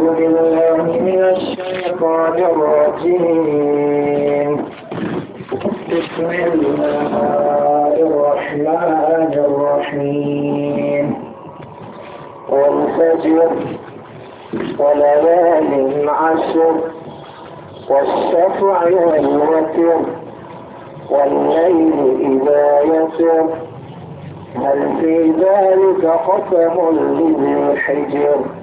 أعوذ بالله من الشيطان الرجيم بسم الله الرحمن الرحيم والفجر وليال عشر والشفع والوتر والليل إذا يسر هل في ذلك قسم لذي الحجر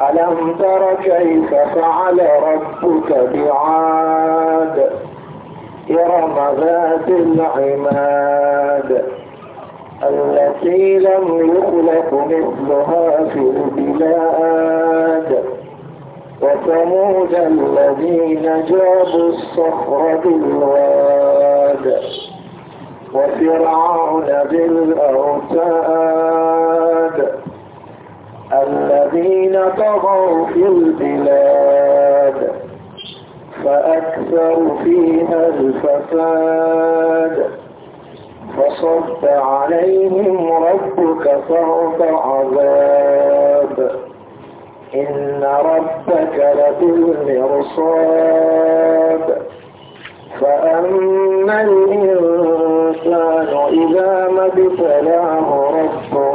ألم تر كيف فعل ربك بعاد إرم ذات العماد التي لم يخلق مثلها في البلاد وثمود الذين جابوا الصخر بالواد وفرعون بالأوتاد الذين طغوا في البلاد فأكثروا فيها الفساد فصد عليهم ربك صرف عذاب إن ربك لبالمرصاد فأما الإنسان إذا ما ابتلاه ربه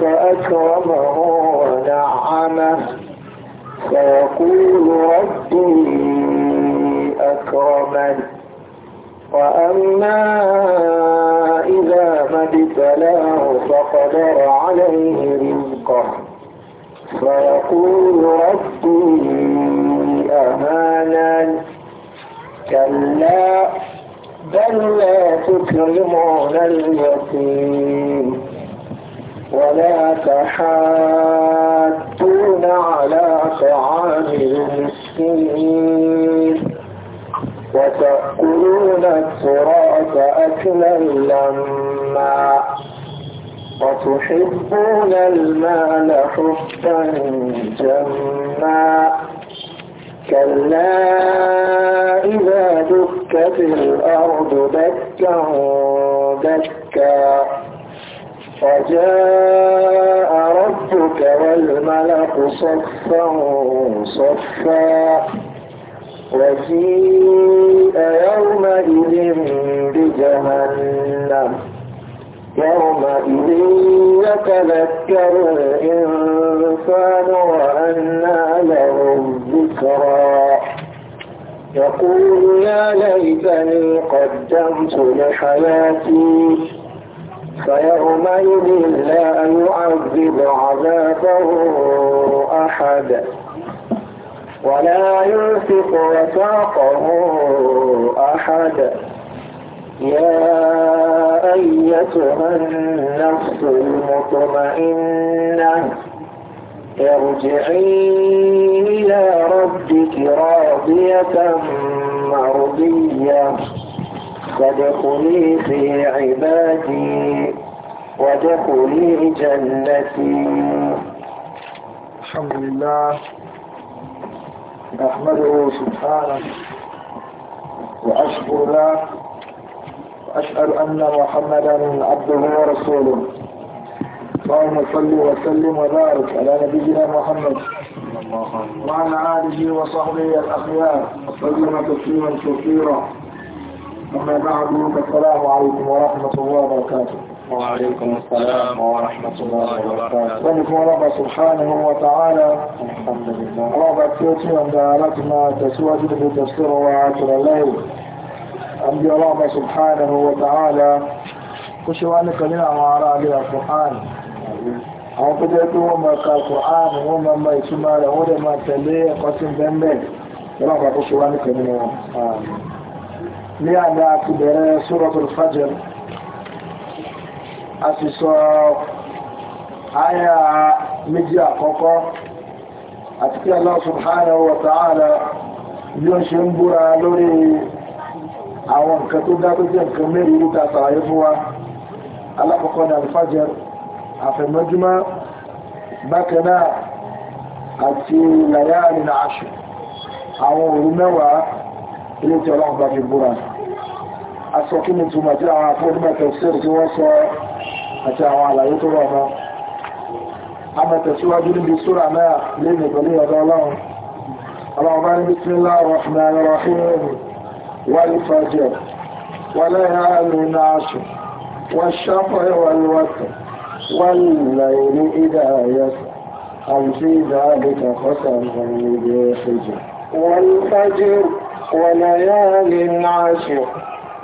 فأكرمه ونعمه فيقول ربي أكرمن وأما إذا ما ابتلاه فقدر عليه رزقه فيقول ربي أهانا كلا بل لا تكرمون اليتيم ولا تحاتون على طعام المسكين وتأكلون التراث أكلا لما وتحبون المال حبا جما كلا إذا دكت الأرض دكا دكا فجاء ربك والملك صفا صفا وجيء يومئذ بجهنم يومئذ يتذكر الإنسان وأنى له الذكرى يقول يا ليتني قدمت لحياتي فيومئذ لا يعذب عذابه أحد ولا يوثق وثاقه أحد يا أيتها النفس المطمئنة ارجعي إلى ربك راضية مرضية فادخلي في عبادي وادخلي جنتي الحمد لله نحمده سبحانه وأشكر له وأشهد أن محمدا عبده ورسوله اللهم صل وسلم وبارك على نبينا محمد وعلى آله وصحبه الأخيار وسلم تسليما كثيرا أما بعد فالسلام عليكم ورحمة الله وبركاته وعليكم السلام ورحمة الله وبركاته ولكم رب سبحانه وتعالى رب تيتي عند آلتنا تسواجد في تسكر وعاتر الليل أنبي رب سبحانه وتعالى كشوان كلنا وعراء القرآن àwọn tó jẹ́ pé wọ́n máa ka Qur'an wọ́n máa ma ìtumọ̀ rẹ̀ wọ́n dẹ̀ máa tẹ̀lé ẹ̀kọ́ sí ní àlá àti bẹ̀rẹ̀ Suratul Fajr a sì sọ àyà méjì àkọ́kọ́ àti kí Allah subhanahu wa ta'ala bí ó ṣe ń búra lórí àwọn nǹkan tó dá tó jẹ́ nǹkan mẹ́rin ló ta fún wa alákọ̀ọ́kọ́ ní alfajr àfẹ̀mọ́júmọ́ bákanáà àti layalin ashr àwọn òru mẹ́wàá ilé tí ọlọ́run bá fi búra aṣọ kí ni túnmọ̀ tí àwọn afọ́dúnmọ̀tẹ̀ sẹ́rù tí wọ́n sọ àti àwọn àlàyé tó rọ̀ mọ́ amọ̀tẹ̀síwájú níbi súra náà lẹ́yìn pẹ̀lú ọ̀dọ́ ọlọ́run ọlọ́run bá ní bismillah وليال عشر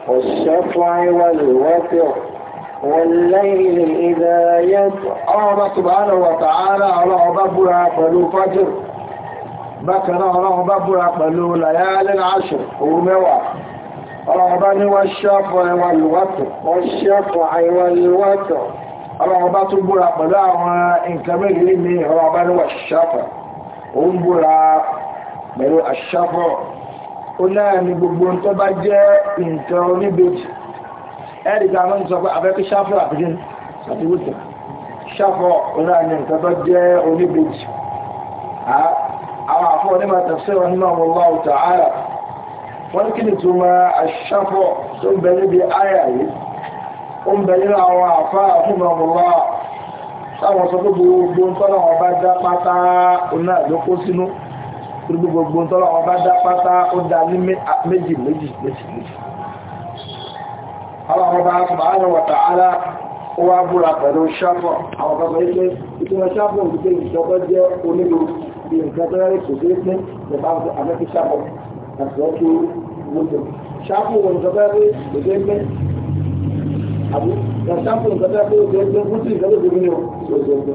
والشفع والوتر والليل إذا يسر الله سبحانه وتعالى الله بابها فلو فجر بكنا الله بابها فلو ليال عشر ومواء الله والشفع والوتر والشفع والوتر الله بابها فلو إن كمل لي الله والشفع ومبرا بلو الشفع ó náà ni gbogbo tó bá jẹ́ nǹkan oníbejì ẹ̀rìgbà mọ́ ní sọ pé abẹ́kí ṣáfọ́ àbíjẹ́ ṣàtìwòtò ṣáfọ́ ó náà ni nǹkan tó jẹ́ oníbejì àwọn àfọ́ onímọ̀ tafsir rahimahullahu ta'ala wọ́n kí ni túmọ̀ àṣàfọ́ tó ń bẹ níbi àyà yìí ó ń bẹ nínú àwọn àfá rahimahullahu táwọn sọ pé gbogbo tọ́lọ̀ wọn bá dá pátá ó ló kó sínú gbogbo gbogbo tọ́lọ́ ọba dá pátá ó dá ní méjì méjì méjì méjì àwọn ọba àbáyọ̀ wọ̀ta ara ó wá búra pẹ̀lú ṣáfọ̀ àwọn ọba ilé ìtura ṣáfọ̀ ìdíje ìjọba jẹ́ onílò bí nǹkan tó rẹ̀ kò dé pín ìjọba àmẹ́kí ṣáfọ̀ àti ọjọ́ lóde ṣáfọ̀ ìjọba rẹ̀ kò dé pín àbúrò ìjọba rẹ̀ kò dé pín fún sí ìjọba òdòdó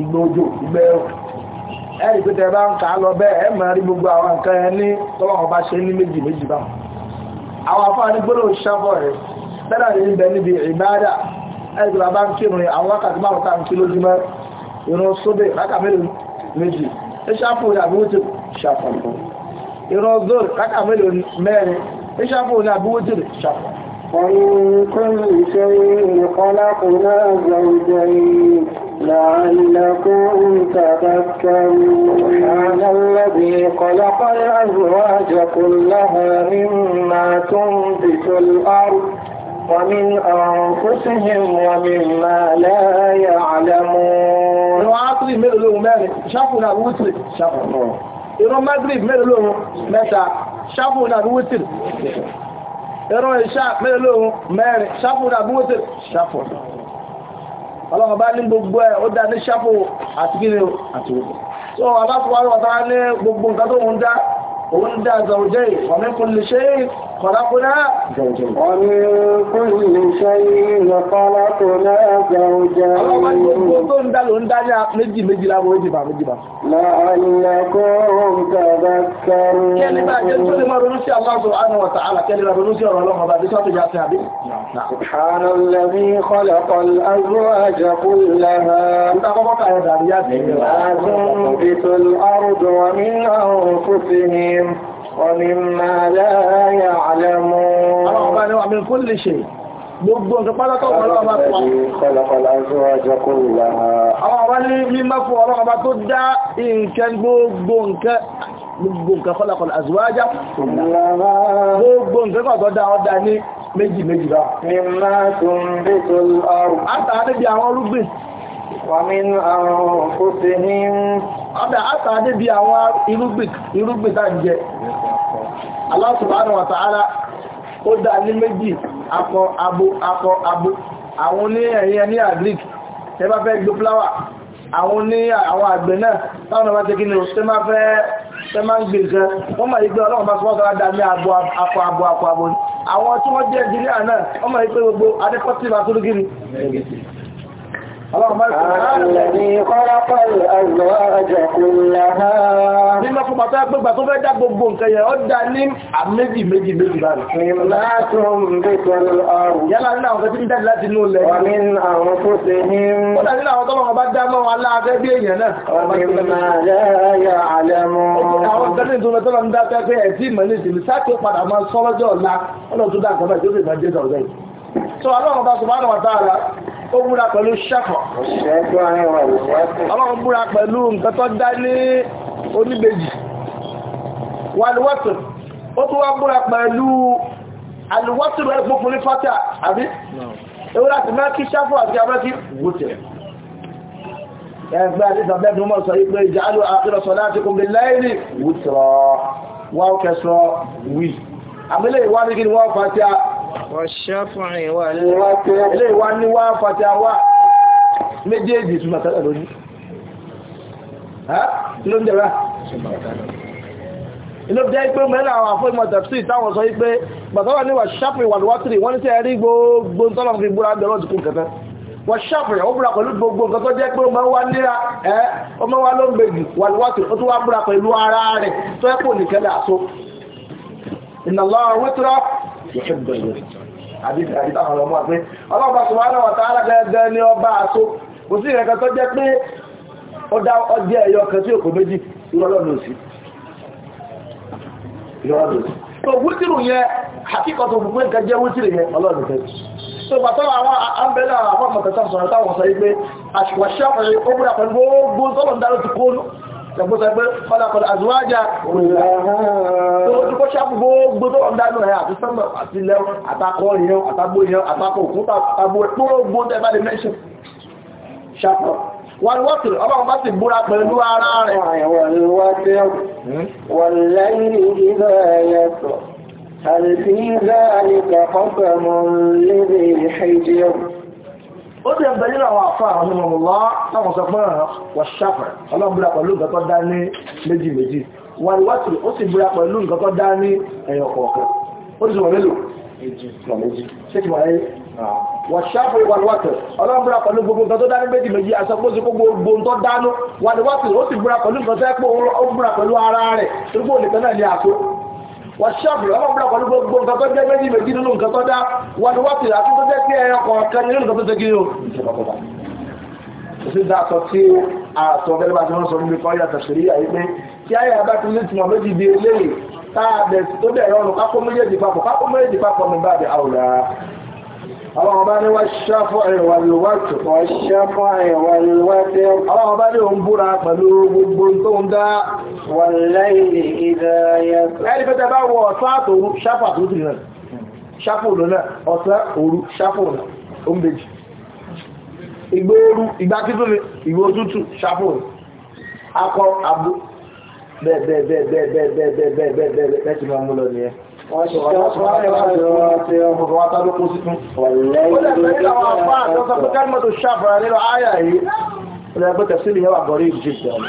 ìgbà òjò ìgbà ẹ̀rọ ẹ̀rì pé tẹ́ bá ń kà á lọ bẹ́ẹ̀ ẹ̀ máa rí gbogbo àwọn nǹkan ẹ̀ ní tọ́lọ́wọ́n bá ṣe ní méjì méjì báwọn àwọn afáàní gbọ́dọ̀ ṣàbọ̀ rẹ̀ tẹ́lá rí ń bẹ níbi ìbáadà ẹ̀rì pé bá ń kírun àwọn wákàtí márùn ká ń kí lójúmọ́ ìrun sóbè rákà mélòó méjì ẹ ní àbúrò tó ṣàfù zoro rákà mélòó mẹ́rin ẹ ṣàfù ní àbúrò tó ṣàfù ومن كل شيء خلقنا زوجين لعلكم تذكرون سبحان الذي خلق الأزواج كلها مما تنبت الأرض ومن أنفسهم ومما لا يعلمون وعطري ملو مالك شافنا وطري شافنا إيران مغرب ملو متى شافنا وطري إيران إشاء ملو مالك شافنا وطري شافنا ọlọ́run bá ní gbogbo ẹ̀ ó dá ní ṣáfò àti kí ni o àti òkú so àbá fún ní gbogbo nǹkan tó ń dá òun dá àzàwòjẹ́ ìfọ̀mí kò lè ṣe é خلقنا ومن كل شيء خلقنا زوجين لعلكم تذكرون نعم. سبحان الذي خلق الأزواج كلها ما تنبت الأرض ومن أنفسهم ومما لا يعلمون من كل شيء gbogbo nǹkan pálákọ̀ ọlọ́wọ́ bá pọ̀. àwọn ọba ní mímọ́ fún ọlọ́wọ́ bá tó dá nǹkan gbogbo nǹkan gbogbo nǹkan kọ́lákọ̀ àzúwájá gbogbo nǹkan kọ̀ tó dá ọdá ní méjì méjì bá. mímọ́ tó ń bí tó lọ́rùn. àtàrí bí àwọn olúgbìn. wà mí àrùn kó ti ní. ọdá àtàrí bí àwọn irúgbìn tá ń jẹ. Allah subhanahu wa ta'ala ó dá ní méjì akọ abo akọ abo àwọn ní ẹ̀yìn ní agric tẹ bá fẹ́ gbé flower àwọn ní àwọn àgbẹ̀ náà táwọn ọmọ tẹ́kí ní tẹ máa fẹ́ tẹ máa ń gbé nǹkan wọ́n máa ìgbé ọlọ́run bá sọ́wọ́ sọ́wọ́ dá ní abo الذي خلق الأزواج كلها Nínú fún pàtó ẹgbẹ́gbà tó fẹ́ dá gbogbo nǹkan yẹn, ó dá ní àméjì méjì méjì báyìí. Ìmọ̀látún bíkọ̀ ọrùn. Yálà nínú àwọn tẹ́tí dájú láti inú ilẹ̀. Wà ní àwọn tó ṣe ní. Ó dà nínú àwọn tọ́lọ́wọ́ bá dá mọ́ aláàfẹ́ bí èèyàn náà. Ọ̀nìmọ̀láyà àlẹ́mọ́. Àwọn tẹ́tí tó lọ́tọ́lọ́ ń dá pẹ́pẹ́ ẹ̀ tí ìmọ̀ ní ìsinmi sáàkì padà máa sọ́lọ́jọ́ ọ̀la. Ọlọ́run ó múra pẹ̀lú ṣẹ́kọ̀ ọlọ́run múra pẹ̀lú nǹkan tó dá ní oníbejì wàlúwọ́tò ó tún wá múra pẹ̀lú àlúwọ́tò rẹ̀ gbogbo ní fátà àbí ewu láti mẹ́kí ṣẹ́kọ̀ àti abẹ́kí gùtẹ̀ ẹgbẹ́ àti sàbẹ́bùn mọ́ sọ ipé ìjálù àmìlẹ̀ ìwádìí kí ni wọ́n fà sí wọ́ṣẹ́fùnrin wà lẹ́wọ́tẹ́ ilé wa ní wá fàtí àwá méjèèjì tún màtàlá lónìí ló ń jẹ́ra inú jẹ́ pé mẹ́rin àwọn àfọ́ ìmọ̀ tẹ̀sí táwọn sọ wípé gbàtọ́wà ní wọ́ṣẹ́fùnrin wà lọ́wọ́tìrì wọ́n ní tẹ́ rí gbogbo tọ́lọ̀ fi búra bẹ̀rọ̀ jù gbogbo yọ̀ṣẹ́gbọ̀n yẹn àbí àbí táwọn ọmọ pé ọlọ́ọ̀bá subhanahu wa ta'ala gẹ́gẹ́ ní ọba àtó kò sí ìrẹ́kan tó jẹ́ pé ó dá ọjẹ́ ẹ̀yọ kan tí òkò méjì ìrọlọ́nà òsì tó wútìrù yẹn àkíkọ̀ tó fún pé nǹkan jẹ́ wútìrù yẹn ọlọ́ọ̀nà fẹ́ tó pàtàkì àwọn àmbẹ́lá àwọn ọmọ tẹ̀sán sọ̀rọ̀ táwọn sọ yí àṣìwàṣẹ́ ọkùnrin ó búra gbogbo tọ́lọ̀ ń dáró ti kóónú ṣẹ̀kúsọ pé kọ́lákọ́lá àzúwájá òyìnbó ṣàpù gbogbo tó ọ̀dá náà ẹ̀ àti sọ́mọ̀ àti ilẹ̀ àtakọ̀ ìyẹn àtagbó ìyẹn àtakọ̀ òkúta àtagbó ẹ̀kúrò ogun tẹ́ bá lè mẹ́ṣẹ̀ ṣàpọ̀ wọ́n wọ́tí ọlọ́run bá ti búra pẹ̀lú ara rẹ̀ wọ́n wọ́tí ó ti ẹ̀bẹ̀ nínú àwọn àfà àwọn ọmọlọ́ táwọn sọ fún wàṣàfà ọlọ́bùra pẹ̀lú nǹkan tó dá ní méjì méjì wà ní wátìrì ó sì búra pẹ̀lú nǹkan tó dá ní ẹ̀yọ̀ kọ̀ọ̀kan ó ti sọ mélòó méjì ṣé kí wáyé wàṣàfà wà ní wátìrì ọlọ́bùra pẹ̀lú gbogbo nǹkan tó dá wà ní wátìrì pẹ̀lú nǹkan wọ́n ṣọ́ọ̀bù ọlọ́run búra pẹ̀lú gbogbo nǹkan tó jẹ́ méjì méjì nínú nǹkan tó dá wọ́n ni wọ́n ti àti tó jẹ́ pé ẹyọ kọ̀ọ̀kan nínú nǹkan tó ṣe kiri òsì dá aṣọ tí aṣọ ọ̀gẹ́lẹ́ bá ti wọ́n sọ níbi kan yàtọ̀ ṣèlérí àyè pé tí ayé abá ti ní tìmọ̀ méjì di eléyìí tá a bẹ̀ tó bẹ̀ rọrùn kákó méjèèjì àwọn ọba ní wọ́n ṣáfọ́ ẹ̀wà lọ́wọ́tò wọ́n ṣáfọ́ ẹ̀wà lọ́wọ́tò àwọn ọba ní òun búra pẹ̀lú gbogbo tó ń dá wọ́n lẹ́yìn ìdáyẹ ẹni pẹ́tẹ́ bá wọ ọ̀sán àtòrú ṣáfà tó ti rẹ̀ ṣáfò lọ́nà ọ̀sán òru ṣáfò náà ó ń bèjì ìgbóoru ìgbà títún Ìrẹ́gbẹ́ tẹ̀sílì yẹn wà gọ̀rí ìjìdẹ̀ ọ̀nà.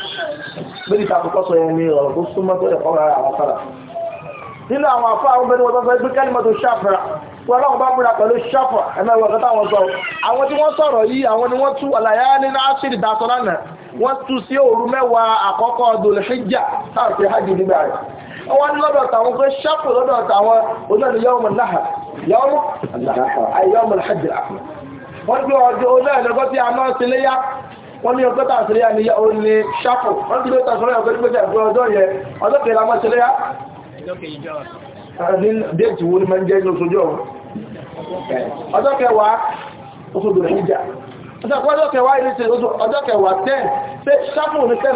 Lórí ìtàkùkọ́ sọ yẹn ni ọ̀rọ̀ tó súnmọ́ tó ẹ̀kọ́ rárá àwọn fara. Nínú àwọn afọ́ àwọn obìnrin wọ́n sọ pé kẹ́lìmọ̀ tó ṣàfẹ́ra. Wọ́n lọ́wọ́ bá búra pẹ̀lú ṣàfà ẹ̀mẹ́wọ̀n kẹta wọn sọ. Àwọn tí wọ́n sọ̀rọ̀ yìí, àwọn ni wọ́n tú àlàyé ní Násìrì dásọ lánàá. Wọ́n tú sí òru mẹ́wàá àkọ́kọ́ Dhul Hijjah táà fi hajj nígbà rẹ̀ wọ́n ní lọ́dọ̀ tàwọn pé ṣápù lọ́dọ̀ tàwọn onáni yọ́mù náà yọ́mù ayọ́mù hajj àpò wọ́n ní ọjọ́ onáni ọgọ́ tí a náà ti léyà wọ́n ní ọgọ́ tà sílẹ̀ ní yọ ní ṣápù wọ́n ti lọ́ta sọ́rọ̀ ọgọ́ nígbẹ́jà ìgbẹ́ ọjọ́ yẹ ọjọ́ kẹlẹ́ a máa ti léyà. déètì wo ni máa ń jẹ́ lóṣojú ọ̀hún ọjọ́ kẹwàá ilé ṣe ọjọ́ kẹwàá tẹ́ ṣe ṣápù ní tẹ́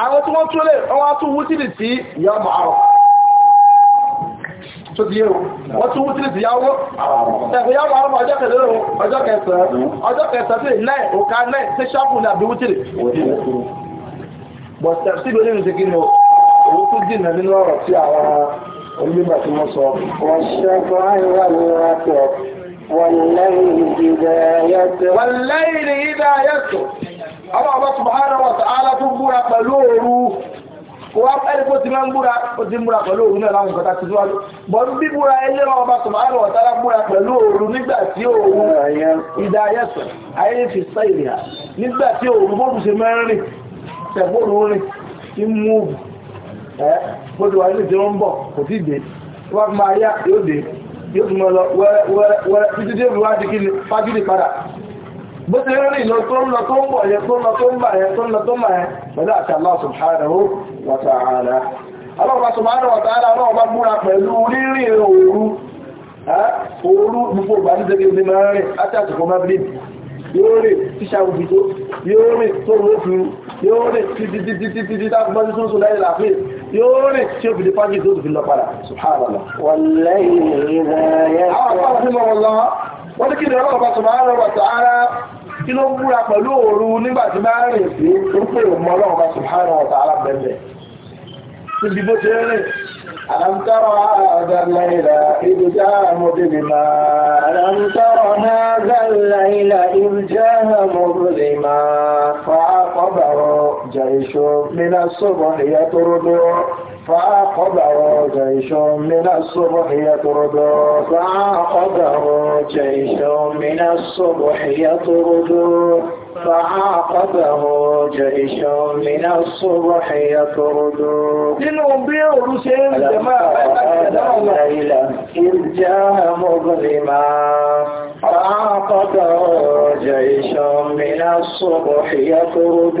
àwọn tí wọ́n túnlẹ̀ wọ́n tún wútìlì sí yọmọ àrọ̀ tó ti yẹ́rọ wọ́n tún wútìlì sí yàwó ẹ̀kọ́ yàwó àrọ̀ ọjọ́ kẹsàn-án ọjọ́ kẹsàn-án ọjọ́ kẹsàn-án sí náà òkà náà sí ṣáàpù ní àbí wútìlì bọ̀tẹ̀ sí ìgbẹ́ nínú ṣe kí ni owó tó dìnà nínú ọ̀rọ̀ tí àwọn onímọ̀ tí wọ́n sọ wọ́n ṣẹ́kọ̀ọ́ àìwá ni wọ́n tẹ̀ wọ́n lẹ́yìn ìdá yẹ́tọ̀ ọlọ́ọ̀bá ọba wa ta'ala tó búra pẹ̀lú òru wọ́n ẹni kó ti máa ń búra ó ti ń búra pẹ̀lú òru náà láwọn ìkọta ti bí búra wọn ọba subhanahu wa ta'ala búra pẹ̀lú ooru nígbà tí ayé fi ìrìnà nígbà tí bó ṣe mẹ́rin tẹ̀gbọ́n rìn ti mú bó ti bọ̀ kò tí dé bó ti rẹ́rìn lọ tó ń bọ̀ tó ń wa ta'ala pẹ̀lú gbogbo ìbànújẹ́ ní máa rìn yóò rìn tíṣà kí ló búra pẹ̀lú òru nígbà tí bá rìn sí orúkọ ìmọ̀ ọlọ́run bá subhanahu wa ta'ala bẹ̀rẹ̀ níbi bó ṣe rìn ألم تر هذا الليل إذ جاء مظلما ألم تر هذا الليل إذ جاء مظلما فعقبه فعقبه جيش من الصبح يطرد فعقبه جيش من الصبح يطرد فعاقبه جيش من الصبح يطرد nínú bí òru ṣe ń فعاقبه جيش من الصبح يطرد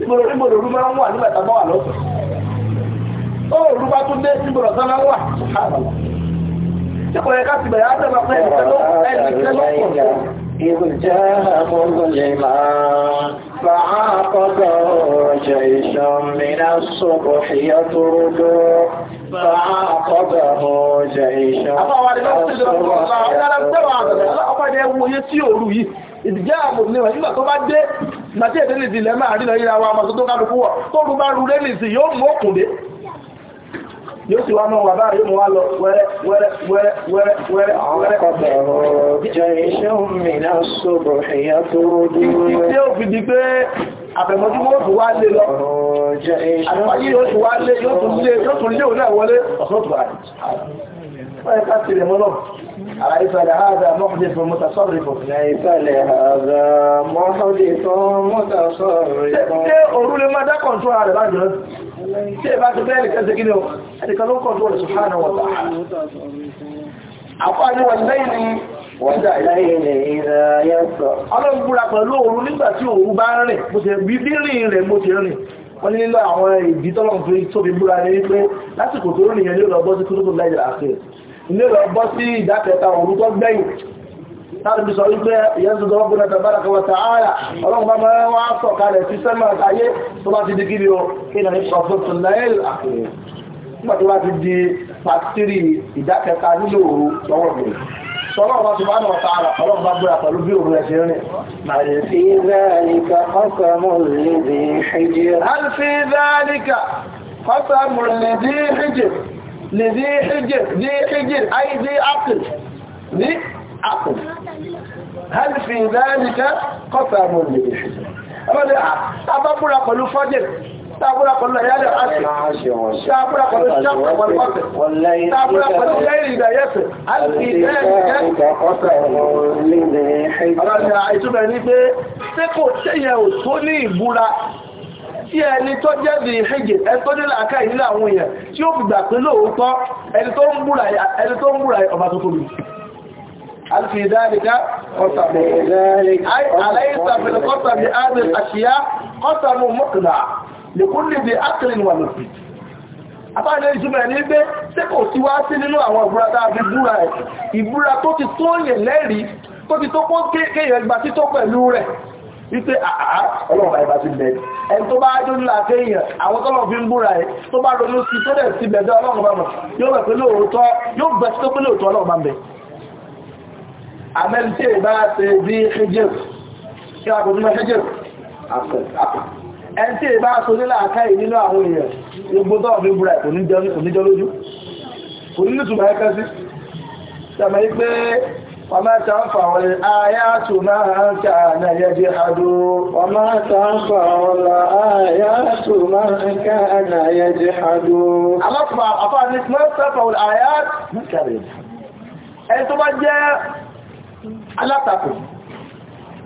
ìgbòrò ìgbòrò òru máa ń wà nígbà táwọn wà lọ́sọ̀ ó òru bá tún dé ìgbòrò nàtí èdè nìsí ilẹ̀ máa rí lọ́yìn àwọn àmàtò tó kálukú wọ̀ tó rú bá rú lé nìsí yóò mú òkùnlé yóò sì wá mọ́ wà báyìí mọ́ wá lọ wẹ́rẹ́ wẹ́rẹ́ wẹ́rẹ́ wẹ́rẹ́ wẹ́rẹ́ wẹ́rẹ́ ọ̀rẹ́ ọ̀rẹ́ ọ̀rẹ́ ọ̀rẹ́ أليس لهذا محدث متصرف ليس لهذا محدث متصرف ṣé òru lè كنتوا على kọ̀ǹtó ara rẹ̀ láàjọ ṣé ìbá ti bẹ́ẹ̀ nìkan ṣe kí ni o ẹnìkan ló kọ̀ǹtó rẹ̀ subhanahu wa ta'ala àfáàní wà lẹ́yìn ni wọ́n dà lẹ́yìn ìrà yẹ́sọ̀ ọlọ́run búra pẹ̀lú òru nígbà tí òru bá rìn mo bí rìn rẹ̀ mo ti rìn wọ́n ní nílò àwọn ìdí tó tóbi búra ní wípé lásìkò tó rìn yẹn ló lọ ilé lọ bọ́ sí ìdákẹta òun tó gbẹ̀yìn láàrín sọ wípé ìyẹ́sù tó wọ́pùn ẹ̀tẹ̀ bára kọwọ́ tààrà ọlọ́run bá mẹ́rin wá sọ kalẹ̀ sí sẹ́mọ̀ àtàyé tó di kí ni o kí ni ìṣọ̀ fún tún náírà nígbà tó bá ti di pàtírì ìdákẹta nílò òru lọ́wọ́ mi sọlọ́ ọba tó lè dí ẹjẹ̀ dí ẹjẹ̀ ayé dí ápùn dí ápùn hálìfì ìdáyẹ̀lìkẹ́ kọ́ta mọ̀ lè ọmọdé àbábúra pẹ̀lú fọ́jẹ̀ tábúra pẹ̀lú ẹ̀yálẹ̀ àti tábúra pẹ̀lú ṣàpùra pẹ̀lú ọ̀tẹ̀ tábúra pẹ̀lú ẹ̀yìn ìdáyẹ̀tẹ̀ àti ìdáyẹ̀lìkẹ́ ọ̀tẹ̀ tí ẹni tó jẹ́ the hege ẹni tó nílà aká ìnínú àwọn èèyàn tí ó fi gbà pé lóòótọ́ ẹni tó ń búra ọba tó tóbi alfi dhalika qasamu ay alaysa fil qasami hadhihi al ashiya qasamu muqna li kulli bi aqlin wa nafs àbáyé ìjúmọ̀ ẹni pé tí kò sí wá sí nínú àwọn ìbúra tàà fi búra ẹ̀ ìbúra tó ti tó yẹ̀ lẹ́rìí tó ti tó kó kéèyàn gba tító pẹ̀lú rẹ̀ wípé àá ọlọ́run àìbá ti bẹ̀ẹ̀ ẹni tó bá ájó nílà kéèyàn àwọn tọ́lọ̀ fi ń búra ẹ̀ tó bá ronú sí tó dẹ̀ sí bẹ̀ẹ̀ ọlọ́run bá mọ̀ yóò bẹ̀ pé lóòótọ́ yóò bẹ̀ sí tó pé lóòótọ́ ọlọ́run bá ń bẹ̀ àmẹ́ntì ìbá ṣe bí hijab kí a kò tún mẹ́ hijab ẹni tí ìbá ṣe nílà káì nínú àwọn èèyàn gbogbo tọ́lọ̀ fi ń búra ẹ̀ kò ní jẹ́ lójú kò ní nítumọ̀ ẹ̀kẹ́ sí وما تنفع الآيات من كان يجحد وما تنفع الآيات من كان يجحد الأطبع أفعل ما تنفع الآيات من كان يجحد أنتم جاء على تقوم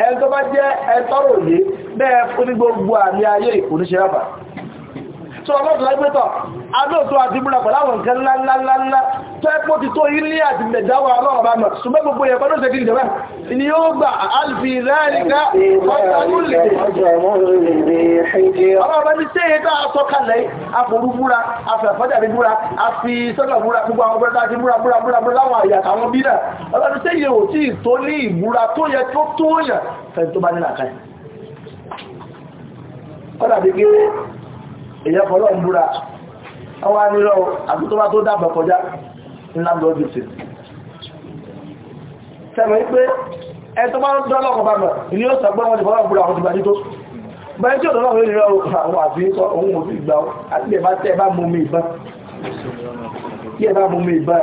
ẹni tó bá jẹ́ ẹ̀tọ́rò yìí bẹ́ẹ̀ fún ní gbogbo àmì ayé ìkùnníṣẹ́ àbà sọ ọlọ́dún lágbétọ̀ adóòtó àti múra pẹ̀láwọn nǹkan ńláńláńlá tó ẹ́pọ̀ ti tó ilé àti mẹ̀dáwà ọlọ́rọ̀ bá mọ̀ ṣùgbẹ́ gbogbo yẹ̀ pẹ̀lú ṣe kí ìjọba ni yóò gbà alfi rẹ́rìnká ọlọ́rọ̀ ní sí èyí tó aṣọ kalẹ̀ àforú múra afẹ́fọ́jàbí múra afi sọ́gbà múra gbogbo àwọn búrẹ́dá àti múra múra múra múra láwọn àyà àwọn bí náà ọlọ́rọ̀ ní sí èyí ò tí ì tó ní ìmúra tó yẹ tó tó yẹ fẹ́ èyẹ kọ́lọ̀ ń búra ọwọ́ anírọ̀ àtútọ́wà tó dábọ̀ kọjá ńláńdọ́dì sí sẹ́mọ̀ wípé ẹ tó bá ń dọ́lọ́ ọkọ̀ bàmọ̀ ilé ó sàgbọ́n wọn ti kọ́lọ̀ búra àwọn ti bàjí tó bẹ́ẹ̀ tí ò dọ́lọ́ ìrìnrìn àwọn àti ohun òfin ìgbà àti ẹ̀bá tẹ́ bá mú mi ìbọn kí ẹ bá mú mi ìbọn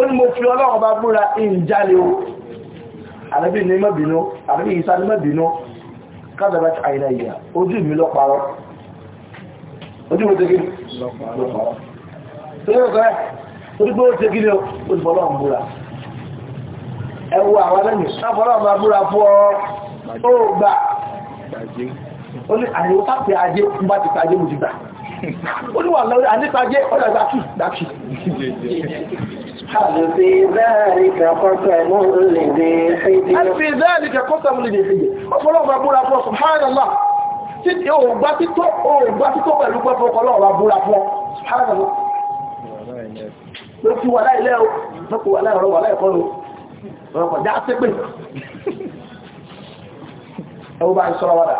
ó ní mo fi ọlọ́run bá búra ìjálẹ̀ o àrẹ́bí ní mọ́bìnú àrẹ́bí ìsá ní mọ́bìnú kádàbàt àìdá ìyà ojú mi lọ parọ́ ojú mi tẹ́gí lọ́pàá tó yẹ́ ọ̀kọ́ orí pé ó tẹ́gí lọ olùfọ́lọ́run búra ẹwọ àwọn ẹni sáfọ́lọ́run bá búra fún ọ ó gbà ó ní àyẹ̀wò pàpẹ́ ajé ń bá ti pàjé mo ti gbà ó ní wà lọ́rí ànípàjé ọ̀dà dákì dákì Àbí dáríkà kọ́sàmù lè dé ṣíjì. Àbí dáríkà kọ́sàmù lè dé ṣíjì. Ọ̀pọ̀lọpọ̀ búra fún subhanallah. Tí ó gbá títọ́ pẹ̀lú pẹ́fẹ́ ọkọ̀lọ́wà búra fún subhanallah. Ló fi wà láìlẹ́ o, lọ́pọ̀ wà láìrọ̀ wà láìkọ́ o. pé. Ẹwọ́ bá ń sọ́rọ̀ wádà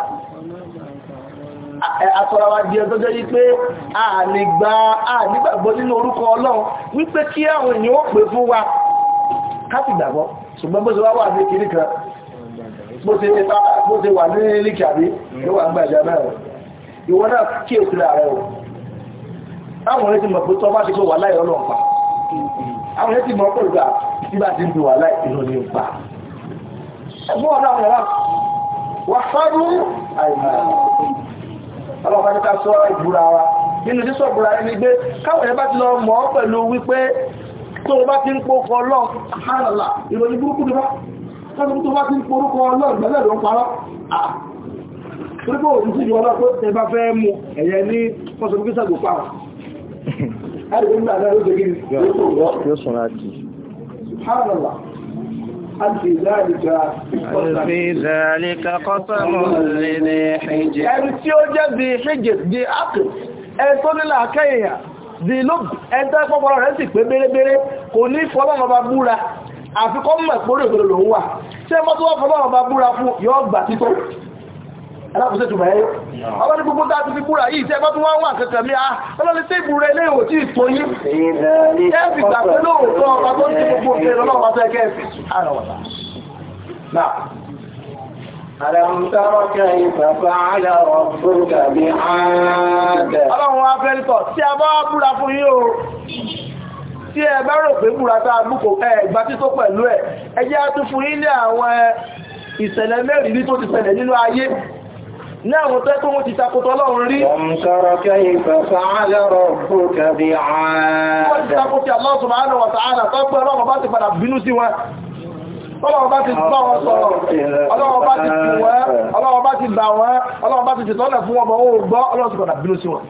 asọ́ra wa di ẹjọ́ jẹ́ yí pé a lè a nígbàgbọ́ nínú orúkọ ọlọ́run wípé kí àwọn èèyàn ó pè fún wa káti gbàgbọ́ ṣùgbọ́n bó ṣe wá wà ní kiri kan bó ṣe wà ní líkì àbí ló wà gbàjà náà ìwọ náà kí èsì ààrẹ o àwọn èèyàn ti mọ̀ pé tọ́ ti kó wà láì ọlọ́run pa àìmọ̀ ọlọ́pàá ní ká sọ ìbúra wa nínú sísọ ìbúra rẹ̀ ni pé káwọn ẹ̀ bá ti lọ mọ̀ ọ́ pẹ̀lú wípé tó bá ti ń pòkọ ọlọ́run àhánàlà ìròyìn burúkú ni wá tó bá ti ń porúkọ ọlọ́run gbẹ́lẹ̀ ló ń parọ́ torípò òun sí ìwọ́n lọ́pọ̀ tẹ bá fẹ́ mú ẹ̀yẹ ní pọ́sọ̀lùkísà gò láti gbé nígbà Fi zàlíkà kọ́sàmù lèdè ṣíjẹ̀. Ẹni tí ó jẹ́ di ṣíjẹ̀ di ápù, ẹni tó nílà akẹ́yìyàn, di lóòbù, ẹni tó ẹgbọ́gbọ́rọ̀ rẹ̀ sì pé bérébéré, kò ní fọ́lọ́mọ̀ bá búra, àfikọ́ alábùsẹ̀ tó bẹ̀rẹ̀ ọba ní gbogbo dáa ti fi búra yìí tẹ́ bá tún wá wà kankan mi ah ọlọ́ni tẹ́ ìbúra ilé ìwò tí ìtò tí a rò pé búra lúkò ẹgbà tító pẹ̀lú ẹ jẹ́ á tún àwọn ìṣẹ̀lẹ̀ mẹ́rin ní tó ti ṣẹlẹ̀ nínú ayé ní àwọn tẹ́ tó wọ́n ti takòtọ́ ọlọ́run rí ọmọkọ̀rọ̀kẹ́ ìfẹ̀fẹ́ àjọrọ̀ bókẹ́ bí ààrẹ wọ́n ti takòtọ́ Allah subhanahu wa ta'ala tọ́pẹ́ ọlọ́run bá ti padà bínú sí wọn ọlọ́run bá ti bá wọn sọ̀rọ̀ ọlọ́run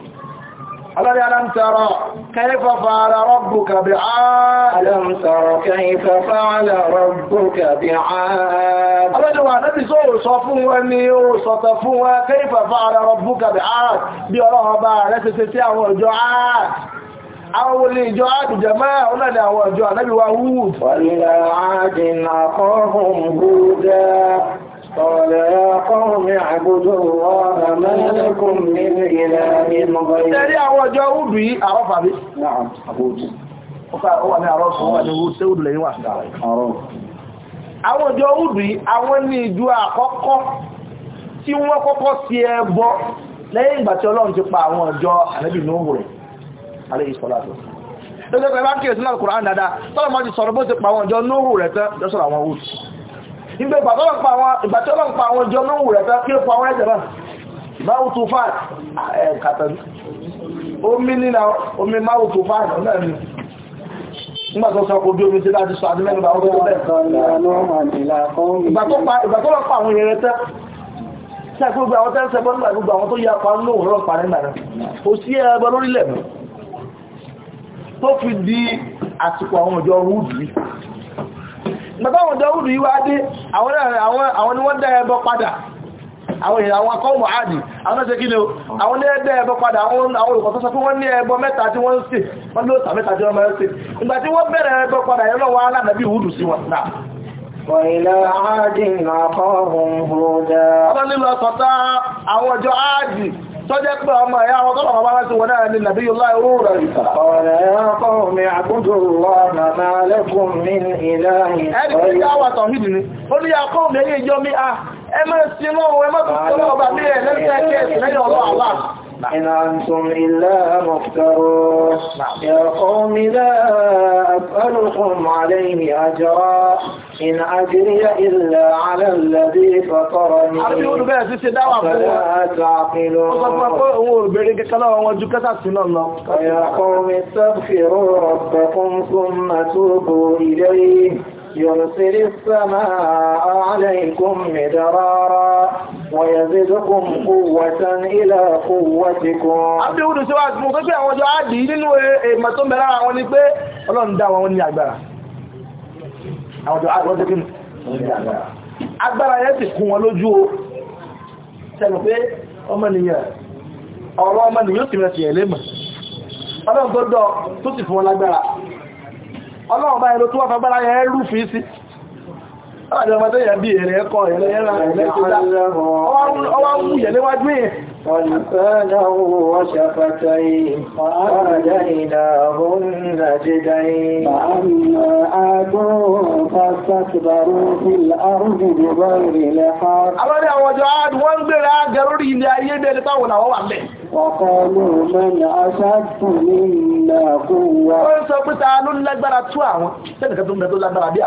الذي ألم ترى كيف فعل ربك بعاد ألم ترى كيف فعل ربك بعاد الذي هو نبي صور صفوه ونيو صفوه كيف فعل ربك بعاد بيراه بعد سيسيا وجعاد àwọn olè ìjọ áàdù jẹmọ́ ọlọ́dẹ àwọn ìjọ ànábíwá húùd wọ́n ni àádìí nà kọ́ قال يا قوم اعبدوا الله ما لكم من إله غيره Tẹ́rí àwọn ọjọ́ òbí àrọ́fà bí? Náà, àbújù. Ó wà ní àrọ́fà wà ní Ṣéúdù lẹ́yìn wà. Àwọn ọjọ́ òbí, àwọn ní ìjú àkọ́kọ́ tí wọ́n kọ́kọ́ sí ẹbọ lẹ́yìn ìgbà tí Ọlọ́run ti pa àwọn ọjọ́ àlẹ́bì Nóhù rẹ̀, alẹ́ ìsọ́látọ̀. Lọ́jọ́ pẹ̀lú bá kí èsì Kùrán dáadáa, tọ́lọ́mọ́ nígbà ìgbàtọ́ lọ́n pa àwọn ìgbàtọ́ lọ́n pa àwọn ìjọ lóhùn rẹ̀ tán kí ó pa àwọn ẹ̀jẹ̀ náà máwù tó fà ẹ̀ kàtàlú omi nínà omi máwù tó fà náà ni nígbà tó sọ ojú omi tí láti sọ àdúmẹ́nu bá wọ́n tó bẹ́ẹ̀ ìgbàtọ́ lọ́n pa àwọn ìrẹ̀ tán tí a kí gbogbo àwọn tẹ́ńsẹ̀ bọ́ nígbà gbogbo àwọn tó yà pa lóhùn rọ̀ pa nígbà náà kò sí ẹgbẹ́ lórílẹ̀ tó fi di àsìkò àwọn ìjọ rúdù bàbáwọn dọ́wùdù yíwá dé àwọn ni wọ́n dá ẹbọ padà àwọn èèyàn àwọn akọ́mù àdì àwọn ọ̀sẹ̀ kí ni o àwọn ní ẹgbẹ́ ẹbọ padà àwọn olùkọ́ tó sọ fún wọ́n ní ẹbọ mẹ́ta tí wọ́n ń wọ́n ló sàmẹ́ta tí tí wọ́n bẹ̀rẹ̀ ẹbọ padà yẹ́lọ́ tọ́jẹ́ pé ọmọ ẹ̀yà àwọn kọ́lọ̀ bá láti wọ́n náà ni nàbí yóò láì rúrù rẹ̀ ìta. ọ̀rẹ́ ọkọ̀ mi àkójọ lọ nàmà lẹ́kùn mi ìlà ìta. ẹni tí yá wà tọ̀ nídìí إلا مفترون يا قوم لا أسألكم عليه إن أجري إلا على الذي فطرني فلا تعقلون يا قوم استغفروا ربكم ثم توبوا إليه يرسل السماء عليكم مدرارا ويزدكم قوة إلى قوتكم Abdul Sawad mo fẹ́ pé àwọn ọjọ́ àdìí nínú èèmọ̀ tó mẹ́ra àwọn ni pé àwọn ọjọ́ kí agbára ti kún wọn lójú o sẹ́nu pé ọmọnìyàn ọ̀rọ̀ ọmọnìyàn sì mẹ́sì ẹ̀lẹ́mọ̀ ọlọ́run tó dọ́ tó ti fún wọn lágbára ọlọ́run bá ẹ̀rọ tó wà fagbára yẹn rú fi sí ọlọ́run ولسانا وشفتين وهديناه النجدين فأما عاد فاستكبروا في الأرض بغير الحق أبدا وجعاد وانبلا جروري إلى أيدي لطاونا ووعلي وقالوا من أشد منا قوة وانسوا بتعالوا لك براتوا سنة كتبنا دولا برابيا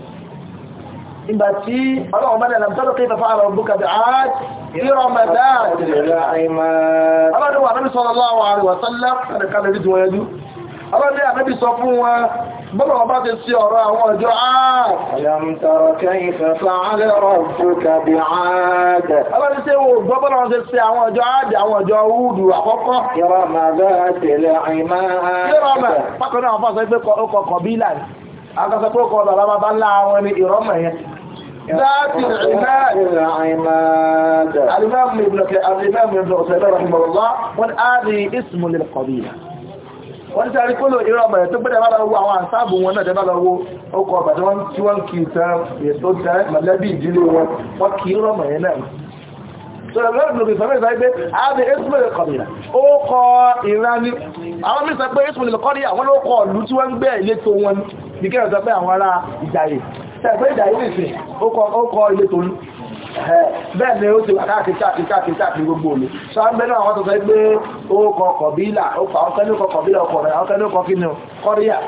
ìgbà tí ọlọ́run bá lẹ́nà tọ́lọ̀ kí ìfẹ́fà àrọ̀ búkà bí áàj ìrọ̀ mẹ́dáàjì ọlọ́run wà náà sọ́lọ́ láwọ̀ àríwá sọ́lọ́ ẹ̀ka lè rí jù wọ́n yẹjú ọlọ́run àbẹ́bí sọ fún wọn bọ́lọ̀ ọba ti sí ọ̀rọ̀ àwọn ọjọ́ áàj ọlọ́run tẹ́ ìfẹ́fà àrọ̀ búkà bí áàj ọlọ́run tẹ́ wọ́n gbọ́ bọ́lọ̀ ọ̀sẹ̀ sí àwọn ọjọ́ ذات العماد الإمام ابن الإمام الله قال اسم للقبيلة wọ́n tí ìrọ̀ ọmọ ẹ̀ tó gbẹ́dẹ̀ bára owó àwọn àṣàbò wọn náà dẹ̀bára owó ọkọ̀ ọ̀bà tí tí wọ́n kì í ètò tẹ́ mọ̀lẹ́bí ìdílé wọn wọ́n kì í ọmọ ẹ̀ náà so lọ́rọ̀ lórí ìfẹ́mẹ́ ìsáyé pé a bí ismail kọ̀dìyà ó kọ ìran ní àwọn mí sọ pé ismail kọ́dìyà wọ́n ló kọ ìlú tí wọ́n ń gbé ìletò wọn ní kí ẹ̀rọ sọ pé àwọn ará ìjàyè tẹ́gbẹ́ ìdáyébìsìn ó kọ ilé tó ní bẹ́ẹ̀ ni ó ti wà káàkiri káàkiri káàkiri káàkiri gbogbo olú sọ ń bẹ́ẹ̀ àwọn tó sọ pé ó kọ kọ̀bílà ọkọ̀ ní ọkọ̀ kọ̀bílà ọkọ̀ ní ọkọ̀ kínú ọkọ̀ rẹ̀.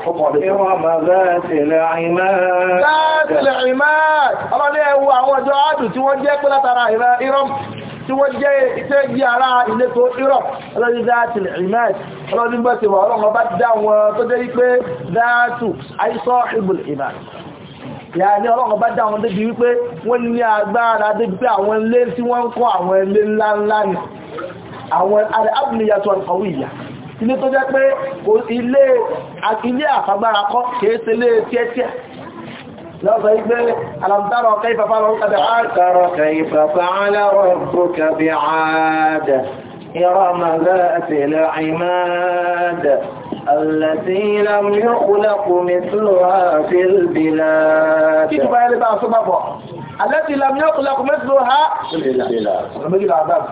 ìwọ̀n bàbá tẹ̀lẹ̀ ìmáàdì. tẹ̀lẹ̀ ìmáàdì ọlọ́ni ẹwu àwọn ọjọ́ ìyá ní ọlọ́run bá dá wọn débi wípé wọ́n ní agbára débi pé àwọn ilé tí wọ́n ń kọ́ àwọn ilé ńláńlá ni àwọn abúlẹ̀yàtọ̀ ọ̀wọ̀ ìyà ilé tó jẹ́ pé ilé àfagbára kọ́ kìí ṣe ilé tíẹ́tíẹ́ lọ́sọ̀ igbe alamtaro kaifa fa'ala rabbuka bi'ad taro kaifa fa'ala rabbuka bi'ad التي لم يخلق مثلها في البلاد التي لم يخلق مثلها في البلاد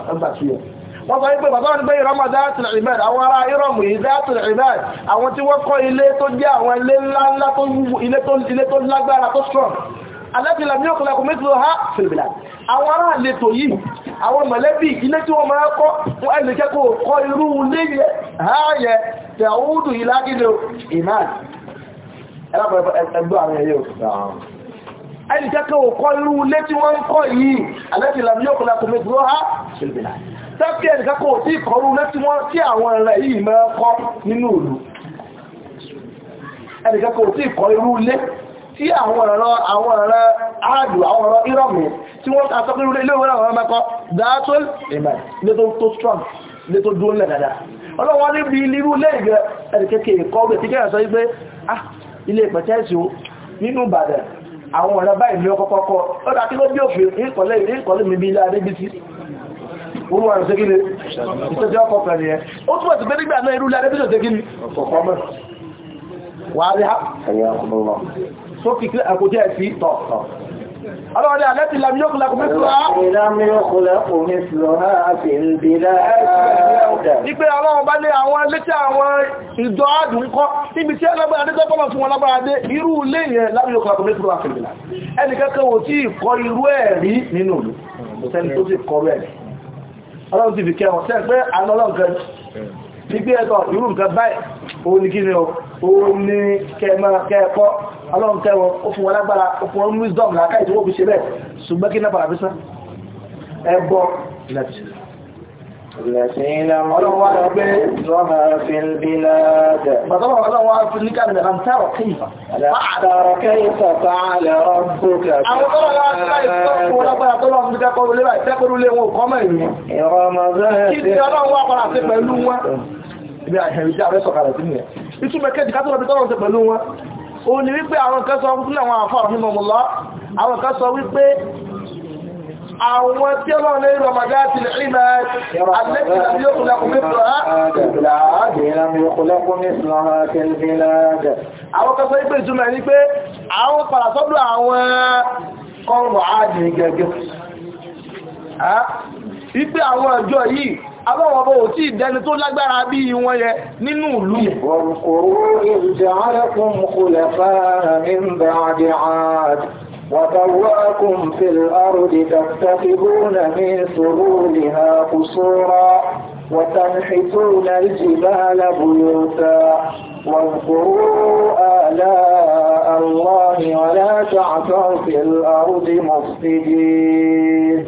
wọ́n sọ wípé bàbá nígbé ìrọ́mọ̀ dáàtìlì ìbẹ̀d àwọn ará ìrọ̀mù yìí dáàtìlì ìbẹ̀d àwọn tí wọ́n kọ́ ilé tó jẹ́ àwọn ilé ńláńlá tó wú ilé tó lágbára tó strong alẹ́bìlẹ̀ ní ọkùnlẹ̀kùn mẹ́tìlò ha fìlìbìlà àwọn ará àletò yìí àwọn mọ̀lẹ́bí ilé tí wọ́n máa kọ́ wọ́n ẹni jẹ́ kó kọ́ irú léyẹ ààyẹ tẹ̀húdù ìlágídò iman ẹgbẹ́ àwọn ẹ̀yẹ́ ẹni jẹ́ kó kọ́ irú lé tí wọ́n kọ́ yìí àwọn ẹ̀rẹ̀ tí àwọn ọ̀rọ̀ àwọn ọ̀rọ̀ àádù àwọn ọ̀rọ̀ ìrọ̀mù tí wọ́n ta ilé ìwé àwọn ọmọ ẹ̀kọ́ dáàtọ́l ìmọ̀ lẹ́tọ́ tó strong lẹ́tọ́ dúró lẹ́ dáadáa ọlọ́wọ́n ní bí ilé ilé ìgbẹ́ ẹ̀rẹ̀kẹ́kẹ́ ìkọ́gbẹ̀ tí kẹ́rẹ̀ sọ wípé ah ilé pẹ̀tẹ́sì ó nínú Ìbàdàn àwọn ọ̀rẹ́ báyìí ní ọkọ̀ kọ́kọ́ ó dá kí ló bí òfin ìkọ̀lẹ̀ ìkọ̀lẹ̀ mi bí ilé adébítí orú àrùn sí kíni ìtọ́jú ọkọ̀ pẹ̀lú ẹ ó túnbọ̀ sí pé nígbà náà irú ilé adébítí sí kíni ọkọ̀ mọ́ wà á rí ha ẹ̀yà ọkọ̀ mọ́ sókè àkójẹ́ sí tọ̀tọ̀ ọlọ́wọ́dẹ́ alẹ́tì lam yóò kùlẹ̀kù mẹ́sùlá nígbé ọlọ́wọ́ bá lé àwọn létí àwọn ìjọ àdùn kọ́ níbi tí ẹlọ́gbọ́n adẹ́gbẹ́ bọ́lọ̀ fún wọn lágbára dé irú ilé yẹn lam kan báyìí òun ni kí ni ó ní kẹ́ẹ̀kọ́ ọlọ́run tẹ́wọ́ ó fún wọn lágbára ó fún wọn wisdom láká ìtòwò fi ṣe bẹ́ẹ̀ ṣùgbọ́n kí náà bàbá sán ẹbọ ọlọ́run wá lọ pé lọ́mọ fi ń bí láàdẹ̀ bàbá ọlọ́run wá fi ní káàdì náà tẹ́rọ kéyìfà tẹ́rọ kéyìfà tààlẹ̀ rọ́bùkà àwọn ọlọ́run wá sí láì tọ́kùn lágbára tọ́lọ́run ti kẹ́kọ̀ọ́ lé báyìí tẹ́kọ̀ọ́ lé wọn kọ́mọ̀ ìrìn ìrọmọdé kí ti ọlọ́run wá padà sí pẹ̀lú wọn ibi àìhẹ̀rìjá rẹ̀ sọ̀kalẹ̀ sí nìyẹn ìtumẹ̀kẹ́ o ní wípé àwọn kan sọ fún àwọn àfáà fún ọmọlá àwọn kan sọ wípé àwọn tí ó lọ́nà ìrọ̀ màdá ti lè rí máa àlẹ́kùn àbí òkùnlẹ̀kùn mẹ́sàn-án Ipe àwọn ọjọ́ yìí àbọ̀wọ̀ bọ̀ ò tí ìdẹni tó lágbára bí wọn yẹ nínú ìlú وَتَوَّاكُمْ فِي الْأَرْضِ تَتَّخِذُونَ مِنْ سُرُورِهَا قُصُورًا وتنحتون الجبال بيوتا واذكروا آلاء الله ولا تعثوا في الأرض مفسدين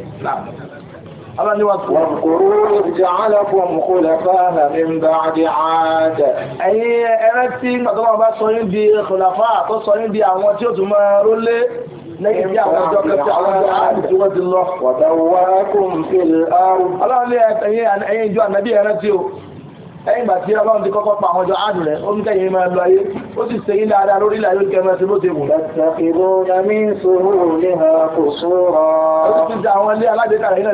Wàkùrú jàálàkùn kòlàfáà min ba'di 'ad. Ẹ̀yin ẹ̀rẹ́ tí Màtọ́lá bá sọ yín di kòlàfáà tó sọ yín di àwọn tí ó tún máa rólé lẹ́yìn bí àwọn ọjọ́ ẹ̀yìn ìgbà tí ọlọ́run ti kọ́kọ́ pa àwọn ọjọ́ àdù rẹ̀ ó ń kẹ́yẹ máa lọ ayé ó sì ṣe yí dáadáa lórí ilẹ̀ ayé kẹmẹ́ sí bó ti wù. ìbò dami sòrò ní ha kò sóra. ó sì ti da àwọn ilé alágbèéká rẹ̀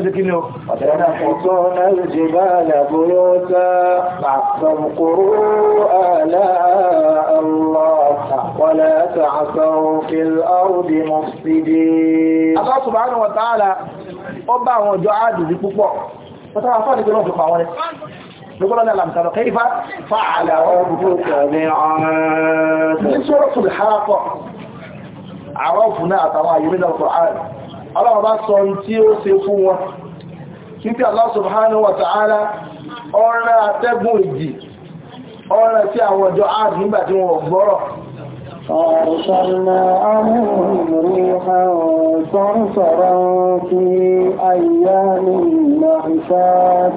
náà àwọn ọjọ́ نقول أنا لم ترى كيف فعل ربك بعاد من سورة الحاقة عرفنا ترى من القرآن الله ما سنتيو سيفوه níbi Allah subhanahu wa ta'ala ọ̀rọ̀ atẹ́gùn ìjì ọ̀rọ̀ tí àwọn ọjọ́ ààrùn nígbàtí wọ́n gbọ́rọ̀ فأرسلنا عنهم ريحا صرصرا في أيام معفات